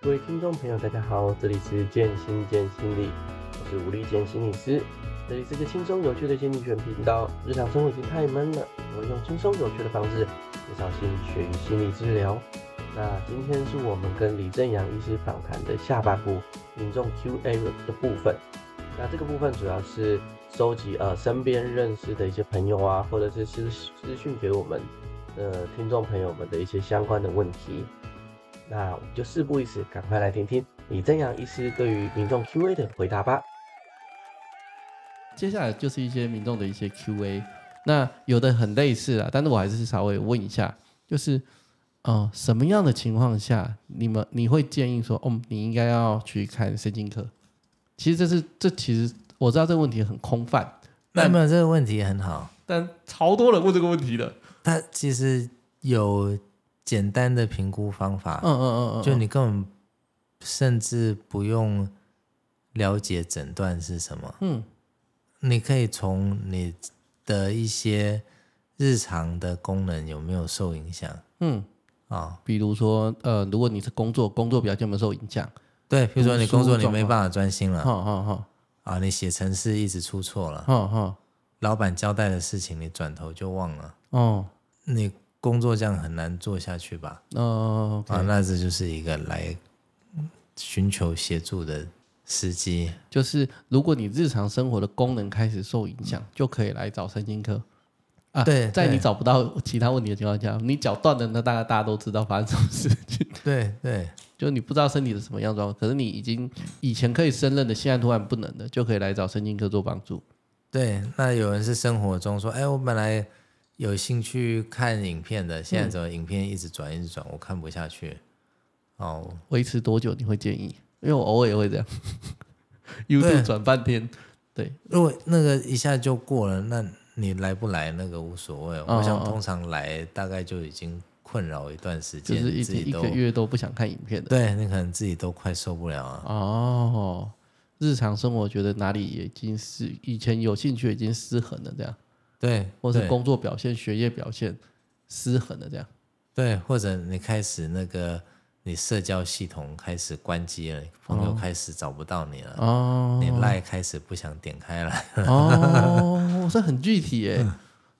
各位聽眾朋友，大家好，這裡是健心見心理，我是吳麗健心理師，這裡是一個輕鬆有趣的心理學頻道。日常生活已經太悶了，我會用輕鬆有趣的方式介紹心理學與心理治療。那今天是我們跟李政洋醫師訪談的下半部，聽眾 Q A 的部分。那這個部分主要是收集呃身邊認識的一些朋友啊，或者是私私訊給我們呃聽眾朋友們的一些相關的問題。那我們就事不宜遲，趕快來聽聽李政洋醫師對於民眾 Q A 的回答吧。接下來就是一些民眾的一些 Q A，那有的很類似啊，但是我還是稍微問一下，就是，嗯、呃，什麼樣的情況下你們你會建議說，哦，你應該要去看身心科？其實這是這其實我知道這個問題很空泛，那沒有這個問題也很好，但超多人問這個問題的，他其實有。簡單的評估方法，嗯嗯嗯嗯，就你根本甚至不用了解診斷是什麼，嗯，你可以從你的一些日常的功能有沒有受影響，嗯，啊、哦，比如說呃，如果你是工作，工作表現有沒有受影響？對，比如說你工作你沒辦法專心了，好好好，啊、哦哦哦哦，你寫程式一直出錯了，哈、哦、哈、哦，老闆交代的事情你轉頭就忘了，哦，你。工作這樣很難做下去吧？哦，啊，那這就是一個來尋求協助的時機。就是如果你日常生活的功能開始受影響、嗯，就可以來找身心科啊對。對，在你找不到其他問題的情況下，你腳斷了，那大概大家都知道發生什麼事情。 對對，就你不知道身體是什麼樣狀態，可是你已經以前可以勝任的，現在突然不能的，就可以來找身心科做幫助。對，那有人是生活中說，哎、欸，我本來。有興趣看影片的，現在怎麼影片一直轉一直轉、嗯，我看不下去。哦，維持多久你會建議？因為我偶爾也會這樣 ，YouTube 轉半天。對，如果那個一下就過了，那你來不來那個無所謂。Oh, 我想通常來大概就已經困擾一段時間，就是一直一個月都不想看影片的。對，你可能自己都快受不了啊。哦、oh,，日常生活覺得哪裡也已經是以前有興趣已經失衡了，這樣。對，對，或者工作表現、學業表現失衡了這樣。對，或者你開始那個你社交系統開始關機了、哦，朋友開始找不到你了，哦，你 line 開始不想點開來了。哦，這 很具體耶、欸嗯，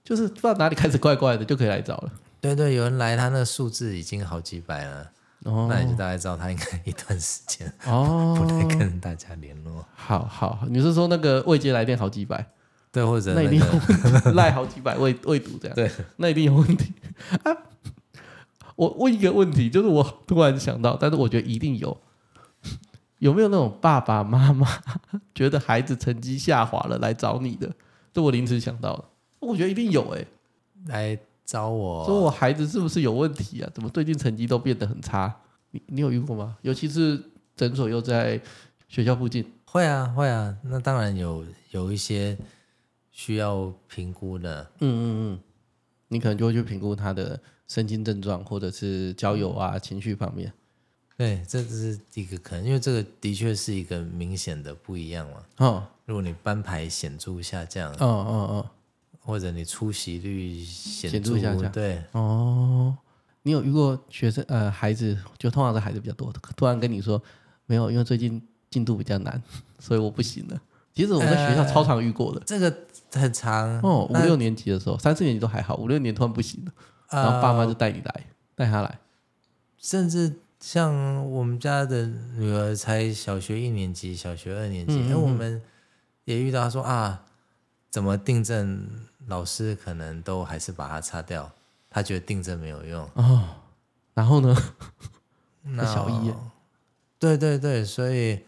就是不知道哪裡開始怪怪的，就可以來找了。對對，有人來，他那數字已經好幾百了，哦、那你就大概知道他應該一段時間哦 不太跟大家聯絡。好好，你是說那個未接來電好幾百？或者那，那一定賴 好幾百位未讀。這樣，對，那一定有問題啊！我問一個問題，就是我突然想到，但是我覺得一定有，有沒有那種爸爸媽媽覺得孩子成績下滑了來找你的？這我臨時想到，我覺得一定有哎、欸，來找我說，我孩子是不是有問題啊？怎麼最近成績都變得很差？你你有遇過嗎？尤其是診所又在學校附近，會啊會啊，那當然有有一些。需要評估的，嗯嗯嗯，你可能就會去評估他的身心症狀，或者是交友啊、情緒方面。對，這是一個可能，因為這個的確是一個明顯的不一樣了。哦，如果你班排顯著下降，哦哦哦，或者你出席率顯著，顯著下降，對。哦，你有遇過學生呃孩子，就通常是孩子比較多，突然跟你說沒有，因為最近進度比較難，所以我不行了。其實我在學校超常遇過的、呃、這個。很長哦，五六年級的時候，三四年級都還好，五六年突然不行了，然後爸媽就帶你來，呃、帶他來，甚至像我們家的女兒才小學一年級、小學二年級，然後、嗯嗯嗯、我們也遇到她說啊，怎麼訂正，老師可能都還是把它擦掉，他覺得訂正沒有用哦。然後呢，那 小一，對對對，所以。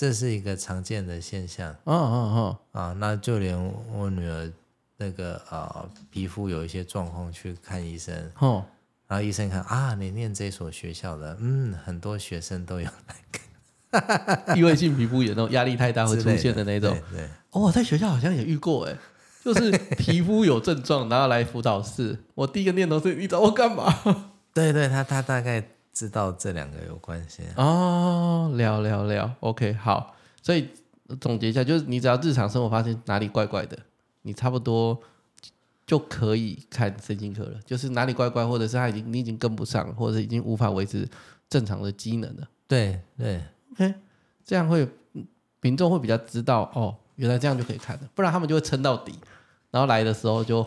這是一個常見的現象。嗯嗯嗯啊，那就連我女兒那個啊、呃、皮膚有一些狀況去看醫生。哦、oh.，然後醫生看啊，你念這所學校的，嗯，很多學生都有那個。哈，哈，哈，異位性皮膚炎哦，壓力太大會出現的那種。對，對，對。哦，我在學校好像也遇過哎，就是皮膚有症狀，然 後來輔導室。我第一個念頭是你找我幹嘛？ 對，對，對他，他大概。知道這兩個有關係、啊、哦，聊聊聊，OK，好，所以總結一下，就是你只要日常生活發現哪裡怪怪的，你差不多就可以看身心科了。就是哪裡怪怪，或者是他已經你已經跟不上，或者是已經無法維持正常的機能了。對對，OK，這樣會民眾會比較知道哦，原來這樣就可以看的，不然他們就會撐到底，然後來的時候就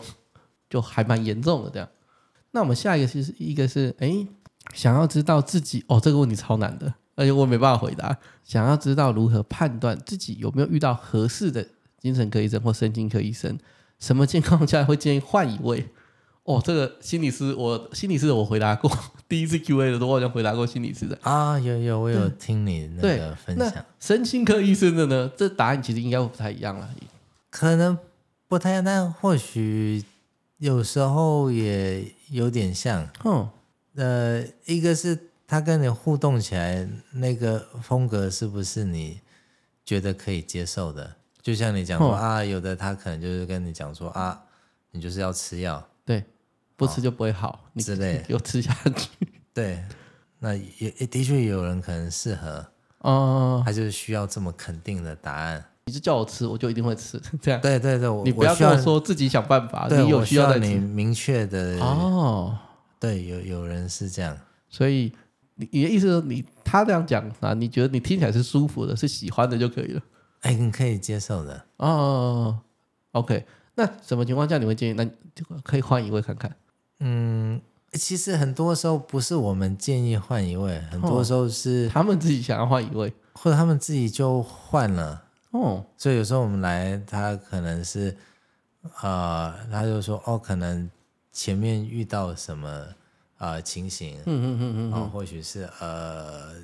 就還蠻嚴重的。這樣，那我們下一個其實一個是哎。欸想要知道自己哦，這個問題超難的，而且我沒辦法回答。想要知道如何判斷自己有沒有遇到合適的精神科醫生或神經科醫生，什麼情況下會建議換一位？哦，這個心理師我，我心理師我回答過，第一次 Q A 的時候我好像回答過心理師的啊，有有我有、嗯、聽你那個分享。神經科醫生的呢，這答案其實應該會不太一樣了，可能不太一樣，但或許有時候也有點像，哼、嗯。呃，一個是他跟你互動起來那個風格是不是你覺得可以接受的？就像你講說、哦、啊，有的他可能就是跟你講說啊，你就是要吃藥，對，不吃就不會好，哦、你之類，就吃下去。對，那也、欸、的確有人可能適合，哦，他就需要這麼肯定的答案。你就叫我吃，我就一定會吃，這樣。對對對，你不要，我要跟我說自己想辦法，對，你有需要的，你明確的哦。對，有有人是這樣，所以你你的意思說你他這樣講啊，你覺得你聽起來是舒服的，是喜歡的就可以了。哎、欸，你可以接受的哦。Oh, OK，那什麼情況下你會建議？那可以換一位看看？嗯，其實很多時候不是我們建議換一位，很多時候是、oh, 他們自己想要換一位，或者他們自己就換了。哦、oh.，所以有時候我們來，他可能是啊、呃，他就說哦，可能。前面遇到什麼啊、呃、情形？嗯嗯嗯嗯，嗯嗯哦、或許是呃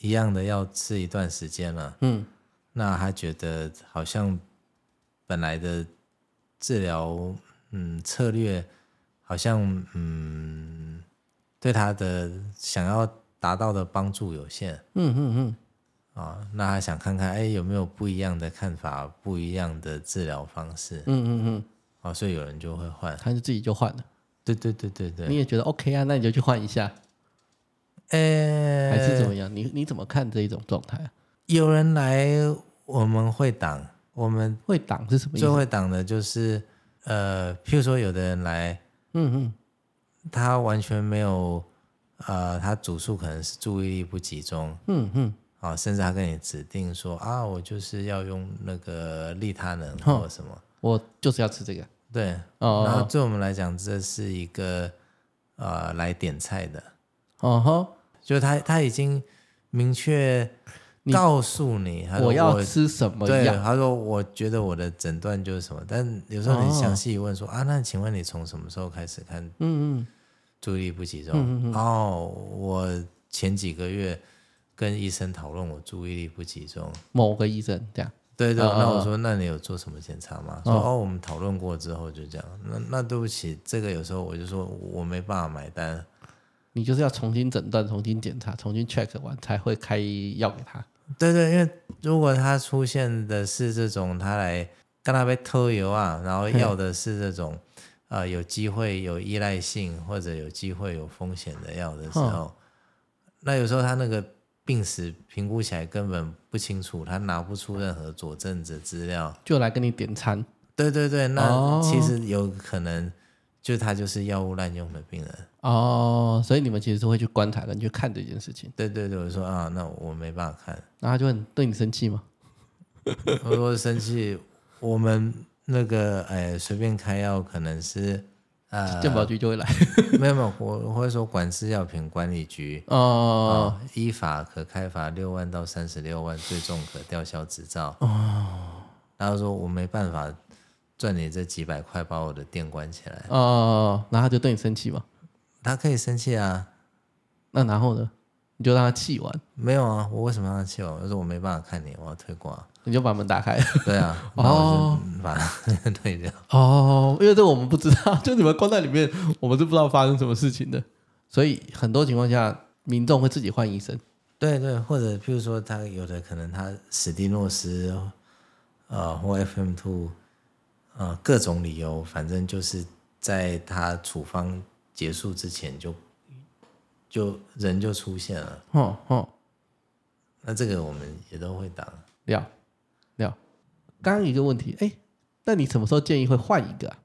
一樣的要吃一段時間了。嗯，那他覺得好像本來的治療嗯策略好像嗯對他的想要達到的幫助有限。嗯嗯嗯，啊、嗯哦，那他想看看哎、欸、有沒有不一樣的看法，不一樣的治療方式。嗯嗯嗯。嗯啊、哦，所以有人就會換，他就自己就換了？對，對對對對對。你也覺得 OK 啊？那你就去換一下，哎、欸，還是怎麼樣？你你怎麼看這一種狀態啊？有人來我，我們會擋，我們會擋是什麼意思？最會擋的就是，呃，譬如說有的人來，嗯嗯，他完全沒有，呃，他主訴可能是注意力不集中，嗯嗯，哦，甚至他跟你指定說啊，我就是要用那個利他能或什麼，我就是要吃這個。對，然後對我們來講，這是一個呃，來點菜的。哦吼，就他他已經明確告訴你，你他說我，我要吃什麼？對，他說我覺得我的診斷就是什麼，但有時候很詳細問說、uh-huh. 啊，那請問你從什麼時候開始看？嗯，注意力不集中。哦、uh-huh.，oh, 我前幾個月跟醫生討論我注意力不集中，某個醫生這樣。對對、哦，那我說、哦，那你有做什麼檢查嗎？哦說哦，我們討論過之後就這樣。哦、那那對不起，這個有時候我就說我沒辦法買單，你就是要重新診斷、重新檢查、重新 check 完才會開藥給他。對，對對，因為如果他出現的是這種，他來跟他被偷油啊，然後要的是這種啊、呃，有機會有依賴性或者有機會有風險的藥的時候、哦，那有時候他那個。病史評估起來根本不清楚，他拿不出任何佐證的資料，就來跟你點餐。對對對，那其實有可能，就他就是藥物濫用的病人。哦，所以你們其實是會去觀察的，你去看這件事情。對對對，我說啊，那我沒辦法看。然後他就很對你生氣嗎？我說生氣，我們那個哎，隨便開藥可能是，呃，健保局就會來、呃，沒有沒有，我會說管制藥品管理局哦、呃，依法可開罰六萬到三十六萬，最重可吊銷執照哦。然後說我沒辦法賺你這幾百塊，把我的店關起來哦。然後他就對你生氣嗎？他可以生氣啊。那然後呢？你就讓他氣完？沒有啊，我為什麼讓他氣完？我說我沒辦法看你，我要退掛。你就把門打開，對啊，然後就把它退掉。哦，oh, oh, oh, oh, oh, oh, 因為這個我們不知道，就你們關在裡面，我們都不知道發生什麼事情的。所以很多情況下，民眾會自己換醫生。對對，或者譬如說，他有的可能他史蒂諾斯，呃，或 FM Two，呃，各種理由，反正就是在他處方結束之前就，就就人就出現了。哼哼。那這個我們也都會擋，要、yeah.。剛一個問題，哎，那你什麼時候建議會換一個啊？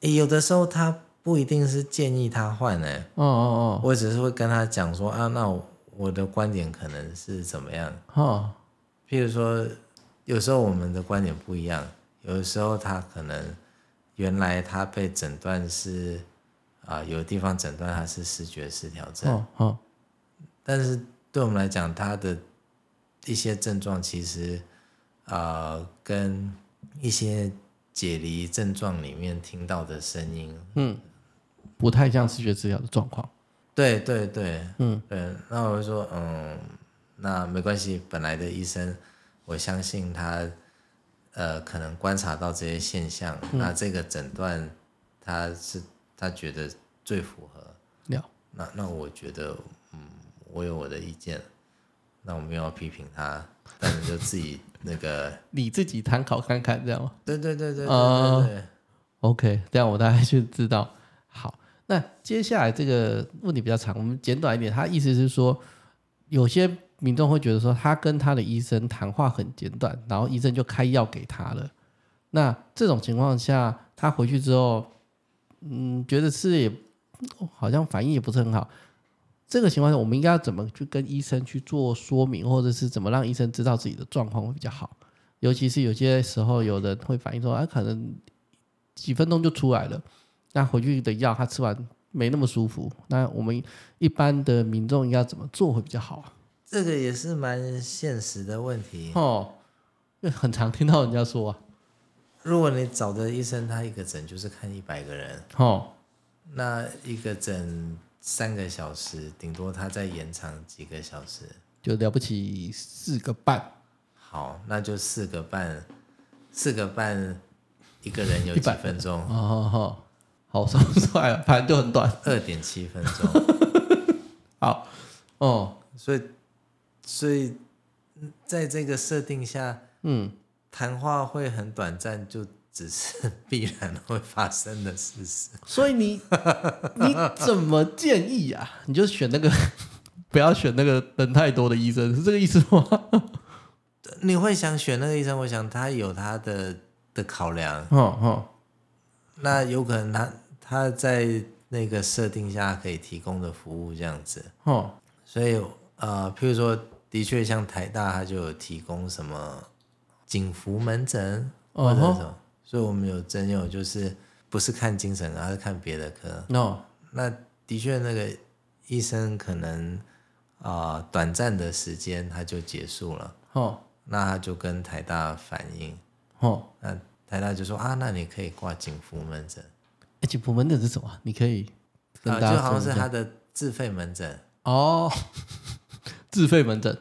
有的時候他不一定是建議他換呢。哦哦哦，我只是會跟他講說啊，那我，我的觀點可能是怎麼樣？哦，譬如說，有時候我們的觀點不一樣，有的時候他可能原來他被診斷是啊，有地方診斷他是思覺失調症，哦，哦，但是對我們來講，他的一些症狀其實。呃，跟一些解離症狀裡面聽到的聲音，嗯，不太像思覺失調的狀況。對對對，嗯，對。那我就說，嗯，那沒關係，本來的醫生，我相信他，呃，可能觀察到這些現象，嗯，那這個診斷，他是他覺得最符合。了。那那我覺得，嗯，我有我的意見。那我沒有批評他，但你就自己那個 ，你自己參考看看這樣嗎？對對對對對對，OK，這樣我大概就知道。好，那接下來這個問題比較長，我們簡短一點。他意思是說，有些民眾會覺得說，他跟他的醫生談話很簡短，然後醫生就開藥給他了。那這種情況下，他回去之後，嗯，覺得是也、哦、好像反應也不是很好。這個情況下，我們應該要怎麼去跟醫生去做說明，或者是怎麼讓醫生知道自己的狀況會比較好？尤其是有些時候，有的會反映說，哎、啊，可能幾分鐘就出來了，那回去的藥他吃完沒那麼舒服，那我們一般的民眾應該要怎麼做會比較好啊？這個也是蠻現實的問題哦，很常聽到人家說啊，如果你找的醫生，他一個診就是看一百個人哦，那一個診。三個小時，頂多他再延長幾個小時，就了不起四個半。好，那就四個半，四個半一個人有幾分鐘？哦，哦好算不出來，反正就很短，二點七分鐘。 好，哦，所以所以在這個設定下，嗯，談話會很短暫，就。只是必然會發生的事實，所以你你怎麼建議啊？ 你就選那個， 不要選那個人太多的醫生，是這個意思嗎？ 你會想選那個醫生，我想他有他的的考量，哦哦，那有可能他他在那個設定下可以提供的服務這樣子，哦，所以呃，譬如說，的確像台大，他就有提供什麼警服門診或者什麼。哦所以我們有真有，就是不是看精神，而是看別的科。No. 那的確那個醫生可能啊、呃，短暫的時間他就結束了。Oh. 那他就跟台大反應、oh. 那台大就說啊，那你可以掛景福門診、欸。景福門診是什麼？你可以跟、啊、就好像是他的自費門診哦，oh. 自費門診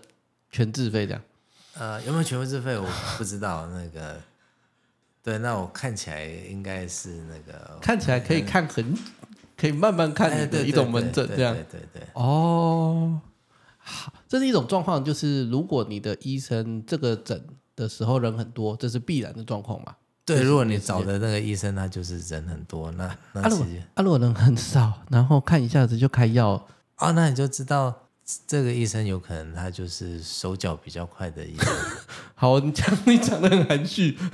全自費的。呃，有沒有全部自費？我不知道 那個。對，那我看起來應該是那個看起來可以看很， 可以慢慢看的的一種門診這樣。哎、對，對，對，對，對，對對。哦，好，這是一種狀況，就是如果你的醫生這個診的時候人很多，這是必然的狀況嘛？對，就是、如果你找的那個醫生他就是人很多，那阿羅、啊如,啊、如果人很少，然後看一下子就開藥啊，oh, 那你就知道這個醫生有可能他就是手腳比較快的醫生。 好，你講你講的很含蓄。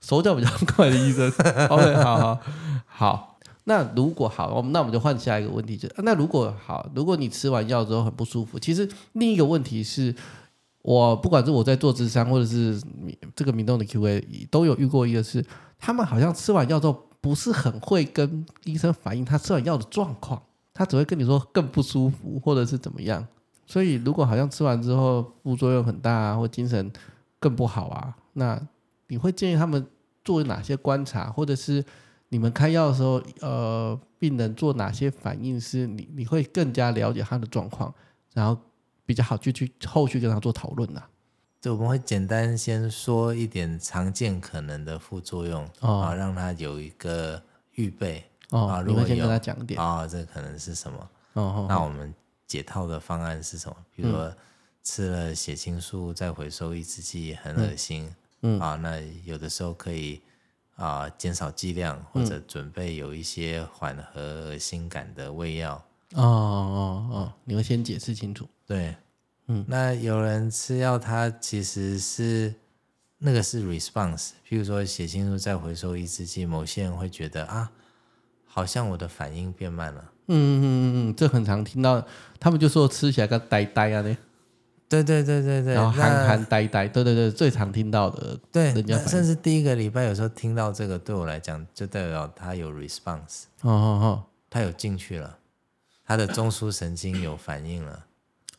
手腳比較快的醫生，OK，好好好。那如果好，我們那我們就換下一個問題就，就那如果好，如果你吃完藥之後很不舒服，其實另一個問題是，我不管是我在做諮商或者是這個民眾的 QA，都有遇過一個是，是他們好像吃完藥之後不是很會跟醫生反映他吃完藥的狀況，他只會跟你說更不舒服或者是怎麼樣。所以如果好像吃完之後副作用很大，啊，或精神更不好啊，那。你會建議他們做哪些觀察，或者是你們開藥的時候，呃，病人做哪些反應是你你會更加了解他的狀況，然後比較好去去後續跟他做討論吶、啊。就我們會簡單先說一點常見可能的副作用啊，哦、讓他有一個預備啊、哦。你們先跟他講一點啊、哦，這可能是什麼？哦，那我們解套的方案是什麼？哦、比如說吃了血清素、嗯、再回收抑制劑很惡心。嗯嗯啊，那有的時候可以啊，減少劑量或者準備有一些緩和心感的胃藥。嗯、哦哦哦，你要先解釋清楚。對，嗯，那有人吃藥，他其實是那個是 response，比如說血清素再回收抑制劑，某些人會覺得啊，好像我的反應變慢了。嗯嗯嗯嗯嗯，這很常聽到，他們就說吃起來個呆呆啊對對對對對，然後憨憨呆呆，對對對，最常聽到的。對，甚至第一個禮拜有時候聽到這個，對我來講就代表他有 response，哦哦哦，他有進去了，他的中樞神經有反應了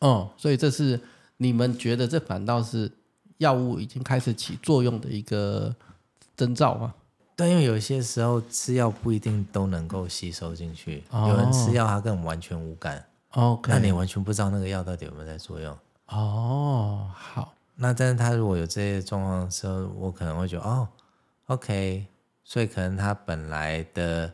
哦，所以這是你們覺得這反倒是藥物已經開始起作用的一個徵兆嗎？但因為有些時候吃藥不一定都能夠吸收進去，哦、有人吃藥他更完全無感、okay、那你完全不知道那個藥到底有沒有在作用。哦、oh,，好，那但是他如果有這些狀況的時候，我可能會覺得哦、oh,，OK，所以可能他本來的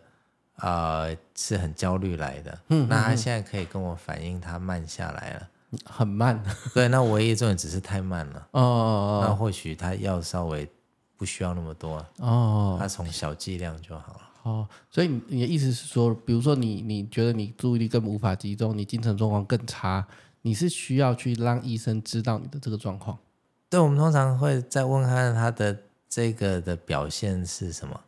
呃是很焦慮來的、嗯，那他現在可以跟我反映他慢下來了，很慢， 對，那唯一重點只是太慢了哦，哦哦，那或許他藥稍微不需要那麼多哦、啊，oh, oh, oh. 他從小劑量就好了哦，oh, 所以你你的意思是說，比如說你你覺得你注意力更無法集中，你精神狀況更差。你是需要去讓醫生知道你的這個狀況，對，我們通常會再問看他的這個的表現是什麼。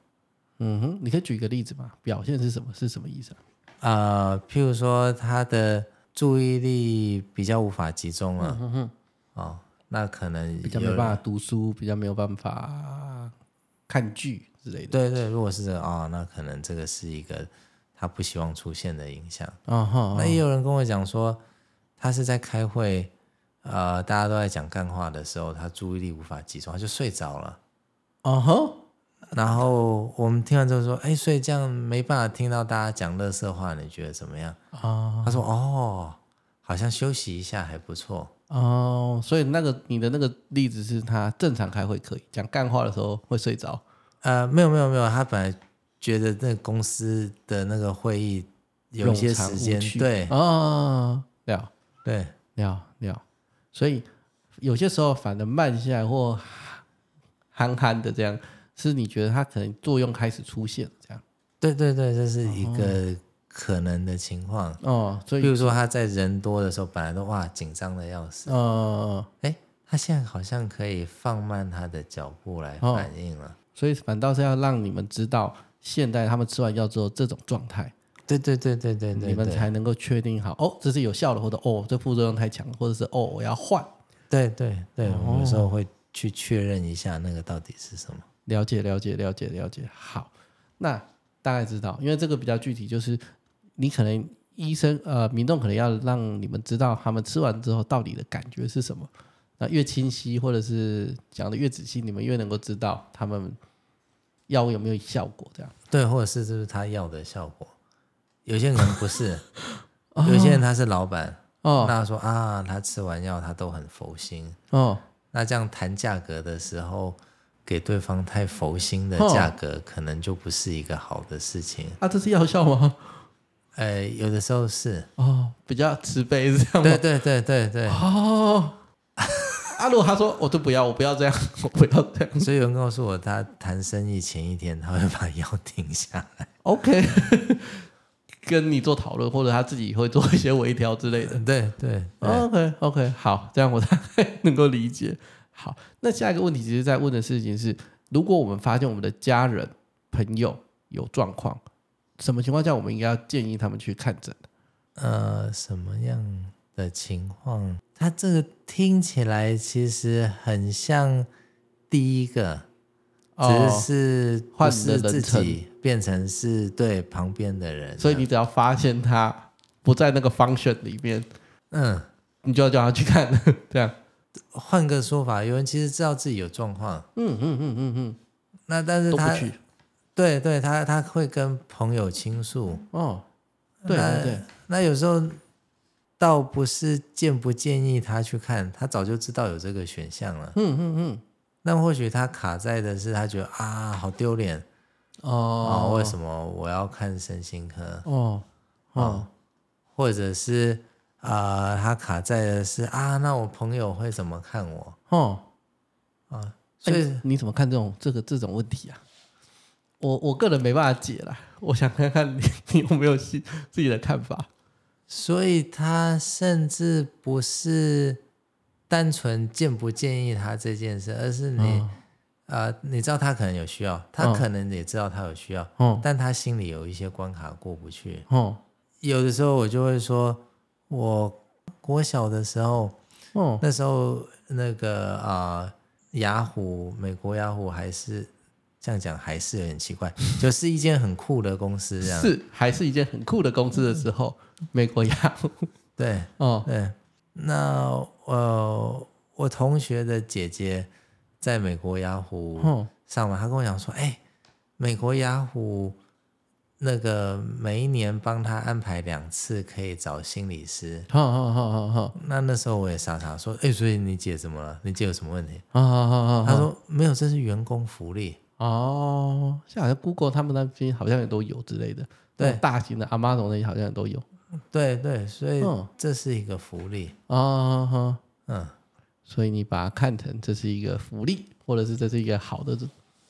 嗯哼，你可以舉一個例子嗎？表現是什麼？是什麼意思啊？呃，譬如說他的注意力比較無法集中了，啊，嗯哼，哼，哦，那可能有比較沒辦法讀書，比較沒有辦法看劇之類的。對，對對，如果是這個，哦，那可能這個是一個他不希望出現的影響。哦哈，那也有人跟我講說。他是在開會，呃，大家都在講幹話的時候，他注意力無法集中，他就睡着了。哦吼！然後我們聽完之後說：“哎、欸，睡覺沒辦法聽到大家講垃圾話，你覺得怎麼樣？”啊、uh -huh.，他說：“哦，好像休息一下還不錯。”哦，所以那個你的那個例子是他正常開會可以講幹話的時候會睡着。呃、uh,，沒有沒有沒有，他本來覺得那個公司的那個會議有一些時間對啊，對。Uh -huh. yeah. 對，尿尿，所以有些時候反而慢下來或憨憨的這樣，是你覺得他可能作用開始出現了這樣。對對對，這是一個可能的情況哦，哦。所以，比如說他在人多的時候，本來都哇緊張的要死。哦。哎，他現在好像可以放慢他的腳步來反應了。哦、所以，反倒是要讓你們知道，現在他們吃完藥之後這種狀態。對，對對對對對，你們才能夠確定好哦，這是有效的，或者哦，這副作用太強或者是哦我要換。對對對，哦、我有時候會去確認一下那個到底是什麼，了解了解了解了解。好，那大概知道，因為這個比較具體，就是你可能醫生呃民眾可能要讓你們知道他們吃完之後到底的感覺是什麼，那越清晰或者是講的越仔細，你們越能夠知道他們藥物有沒有效果，這樣。對，或者是就是他要的效果。 有些人不是，有些人他是老闆哦。那他說啊，他吃完藥他都很佛心哦。那這樣談價格的時候，給對方太佛心的價格，可能就不是一個好的事情。哦、啊，這是藥效嗎？哎、呃，有的時候是哦，比較慈悲這樣。對對對對對。哦， 啊，如果他說我都不要，我不要這樣，我不要這樣。所以有人告訴我，他談生意前一天他會把藥停下來。OK。跟你做討論，或者他自己會做一些微調之類的。 對對、對，OK OK，好，這樣我大概能夠理解。好，那下一個問題其實在問的事情是，如果我們發現我們的家人朋友有狀況，什麼情況下我們應該要建議他們去看診？呃，什麼樣的情況？他這個聽起來其實很像第一個。只是換自己變成是對旁邊的人，所以你只要發現他不在那個 function 裡面，嗯，你就要叫他去看，這樣，換個說法，有人其實知道自己有狀況，嗯嗯嗯嗯嗯，那但是他，去對對，他他會跟朋友傾訴，哦，對啊、對對，那有時候倒不是建不建議他去看，他早就知道有這個選項了，嗯嗯嗯。那或許他卡在的是他覺得啊好丟臉哦、啊，為什麼我要看身心科哦哦、嗯，或者是啊、呃、他卡在的是啊，那我朋友會怎麼看我哦啊，所以、欸，你怎麼看這種這個這種問題啊？我我個人沒辦法解啦，我想看看你你有沒有自己的看法，所以他甚至不是。單純建不建議他這件事，而是你，啊、哦呃。你知道他可能有需要，他可能也知道他有需要，哦、但他心裡有一些關卡過不去、哦。有的時候我就會說，我國小的時候，哦、那時候那個啊、呃，雅虎，美國雅虎還是這樣講還是很奇怪，就是一間很酷的公司這樣，是還是，一間很酷的公司的時候、嗯，美國雅虎，對，哦，對，那。呃，我同學的姐姐在美國雅虎上班、哦，她跟我講說：“哎、欸，美國雅虎那個每一年幫她安排兩次可以找心理師。哦”“好好好好好。哦哦”那那時候我也傻傻說：“哎、欸，所以你姐怎麼了？你姐有什麼問題？”“好好好好。哦哦”她說：“沒有，這是員工福利。”“哦，像好像 Google 他們那邊好像也都有之類的。”“對，大型的 Amazon 那些好像也都有。”對對，所以這是一個福利啊，哦哦哦哦，嗯，所以你把它看成這是一個福利，或者是這是一個好的，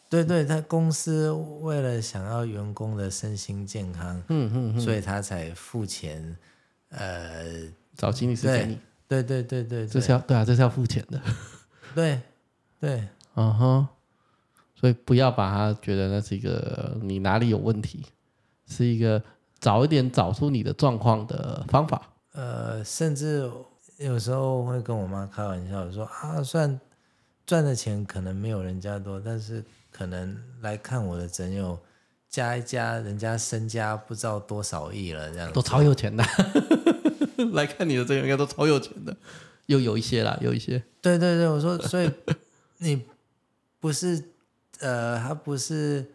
對對，嗯，他公司為了想要員工的身心健康，嗯，嗯，嗯，嗯所以他才付錢，呃，找心理師給你，對對，對對對對，這是要對啊，這是要付錢的， 對對，嗯哈，所以不要把他覺得那是一個你哪裡有問題，是一個。早一點找出你的狀況的方法。呃，甚至有時候會跟我媽開玩笑說，啊，算賺的錢可能沒有人家多，但是可能來看我的朋友，加一加，人家身家不知道多少億了，這樣。都超有錢的， 來看你的這個應該都超有錢的，又有一些啦，有一些。對對對，我說，所以你不是 呃，他不是。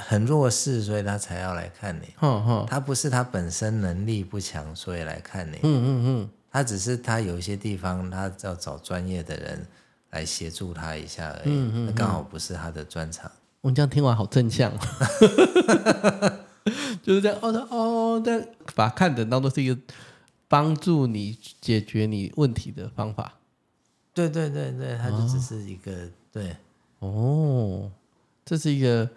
很弱勢，所以他才要來看你。欸，哦哦。他不是他本身能力不強，所以來看你。欸。嗯嗯嗯，他只是他有一些地方，他要找專業的人來協助他一下而已。那、嗯、剛、嗯嗯、好不是他的專長。我、哦、這樣聽完好正向，嗯、 就是這樣哦哦，哦，這樣把他看的當做都是一個幫助你解決你問題的方法。對對對對，他就只是一個哦對哦，這是一個。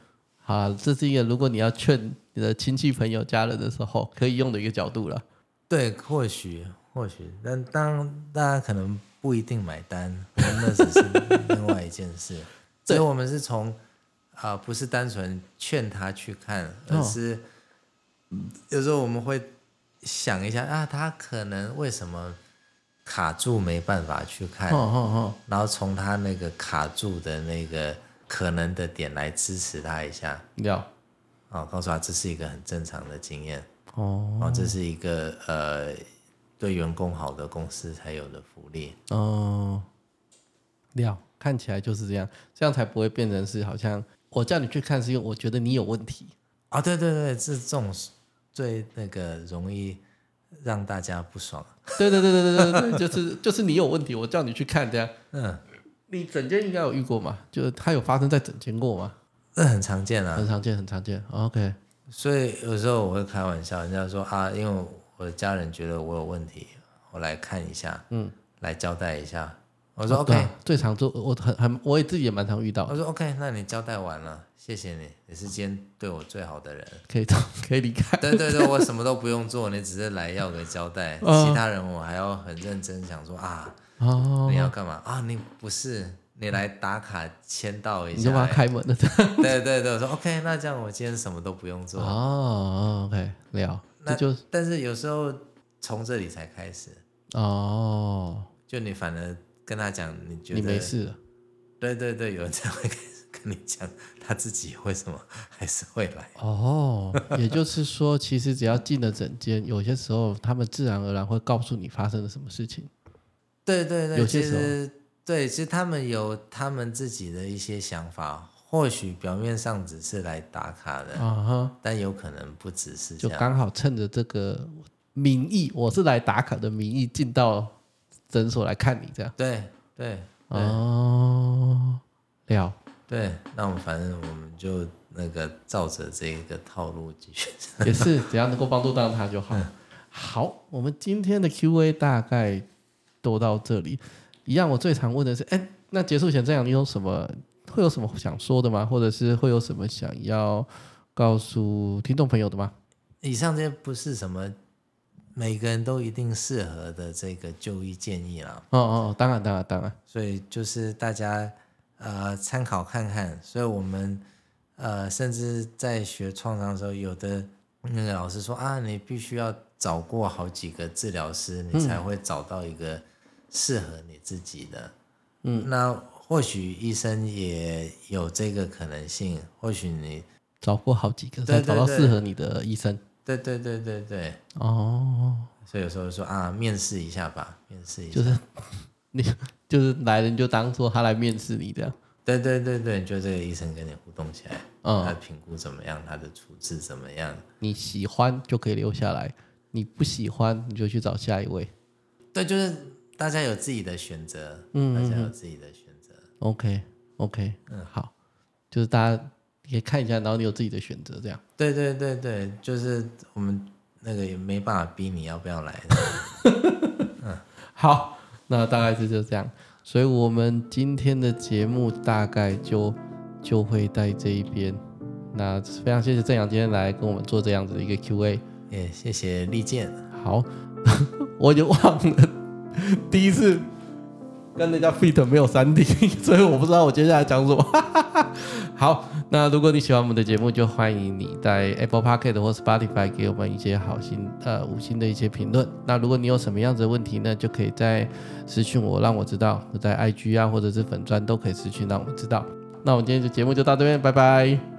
好、啊，這是一個如果你要勸你的親戚朋友家人的的時候可以用的一個角度了。對，或許或許，但當大家可能不一定買單，那只是另外一件事。所以，我們是從啊、呃，不是單純勸他去看，而是有時候我們會想一下啊，他可能為什麼卡住沒辦法去看，哦哦哦、然後從他那個卡住的那個。可能的點來支持他一下，要、yeah. 哦，告訴他這是一個很正常的經驗、oh. 哦，這是一個呃，對員工好的公司才有的福利哦。料、oh. yeah. 看起來就是這樣，這樣才不會變成是好像我叫你去看，是因為我覺得你有問題啊、哦。對對對，這這種最那個容易讓大家不爽。對對對對對對，就是就是你有問題，我叫你去看，這樣。嗯。你整間應該有遇過嘛？就是他有發生在整間過嗎？這很常見啊，很常見，很常見。OK，所以有時候我會開玩笑，人家說啊，因為我的家人覺得我有問題，我來看一下，嗯，來交代一下。我說、哦、OK，啊、最常做我很很我也自己也蠻常遇到。我說 OK，那你交代完了，謝謝你，你是今天對我最好的人，可以走，可以離開。對對對，我什麼都不用做， 你只是來要個交代、哦，其他人我還要很認真想說啊。哦，你要幹嘛啊、哦？你不是你來打卡簽到一下，你來開門了， 對對對，我說 OK，那這樣我今天什麼都不用做哦，哦。OK，聊。那就但是有時候從這裡才開始哦，就你反而跟他講，你覺得你沒事。了。對對對，有人才會開始跟你講，他自己為什麼還是會來？哦，也就是說， 其實只要進了診間，有些時候他們自然而然會告訴你發生了什麼事情。對對對，其實對，其實他們有他們自己的一些想法，或許表面上只是來打卡的，嗯、但有可能不只是，就剛好趁着這個名義，我是來打卡的名義進到診所來看你這樣，對對，對哦，了，對，那我們反正我們就那個照着這一個套路去，也是只要能夠幫助到他就好、嗯。好，我們今天的 Q&A 大概。都到這裡，一樣。我最常問的是：哎、欸，那結束前這樣，你有什麼會有什麼想說的嗎？或者是會有什麼想要告訴聽眾朋友的嗎？以上這些不是什麼每個人都一定適合的這個就醫建議啦。哦哦，當然當然當然。所以就是大家呃參考看看。所以我們呃甚至在學創傷的時候，有的那個老師說啊，你必須要找過好幾個治療師，你才會找到一個、嗯。適合你自己的，嗯，那或許醫生也有這個可能性，或許你找過好幾個，才找到適合你的醫生，對，對對對對對，哦，所以有時候就說啊，面試一下吧，面試一下。就是你就是來人就當做他來面試你的。對對對對，就這個醫生跟你互動起來，嗯，他評估怎麼樣，他的處置怎麼樣，你喜歡就可以留下來，你不喜歡你就去找下一位，對，就是。大家有自己的選擇，嗯，嗯，大家有自己的選擇。OK，OK，、okay, okay, 嗯，好，就是大家可以看一下，然後你有自己的選擇，這樣。對對對對，就是我們那個也沒辦法逼你要不要來。 嗯，好，那大概是就這樣， 所以我們今天的節目大概就就會在這一邊。那非常謝謝政洋今天來跟我們做這樣子的一個 QA，也謝謝利劍。好， 我就也忘了。 第一次跟人家 fit 沒有三 D，所以我不知道我接下來講什麼。 好，那如果你喜歡我們的節目，就歡迎你在 Apple Podcast 或 Spotify 給我們一些好心呃五星的一些評論。那如果你有什麼樣子的問題呢，就可以在私訊我，讓我知道。在 IG 啊或者是粉專都可以私訊讓我知道。那我們今天的節目就到這邊，拜拜。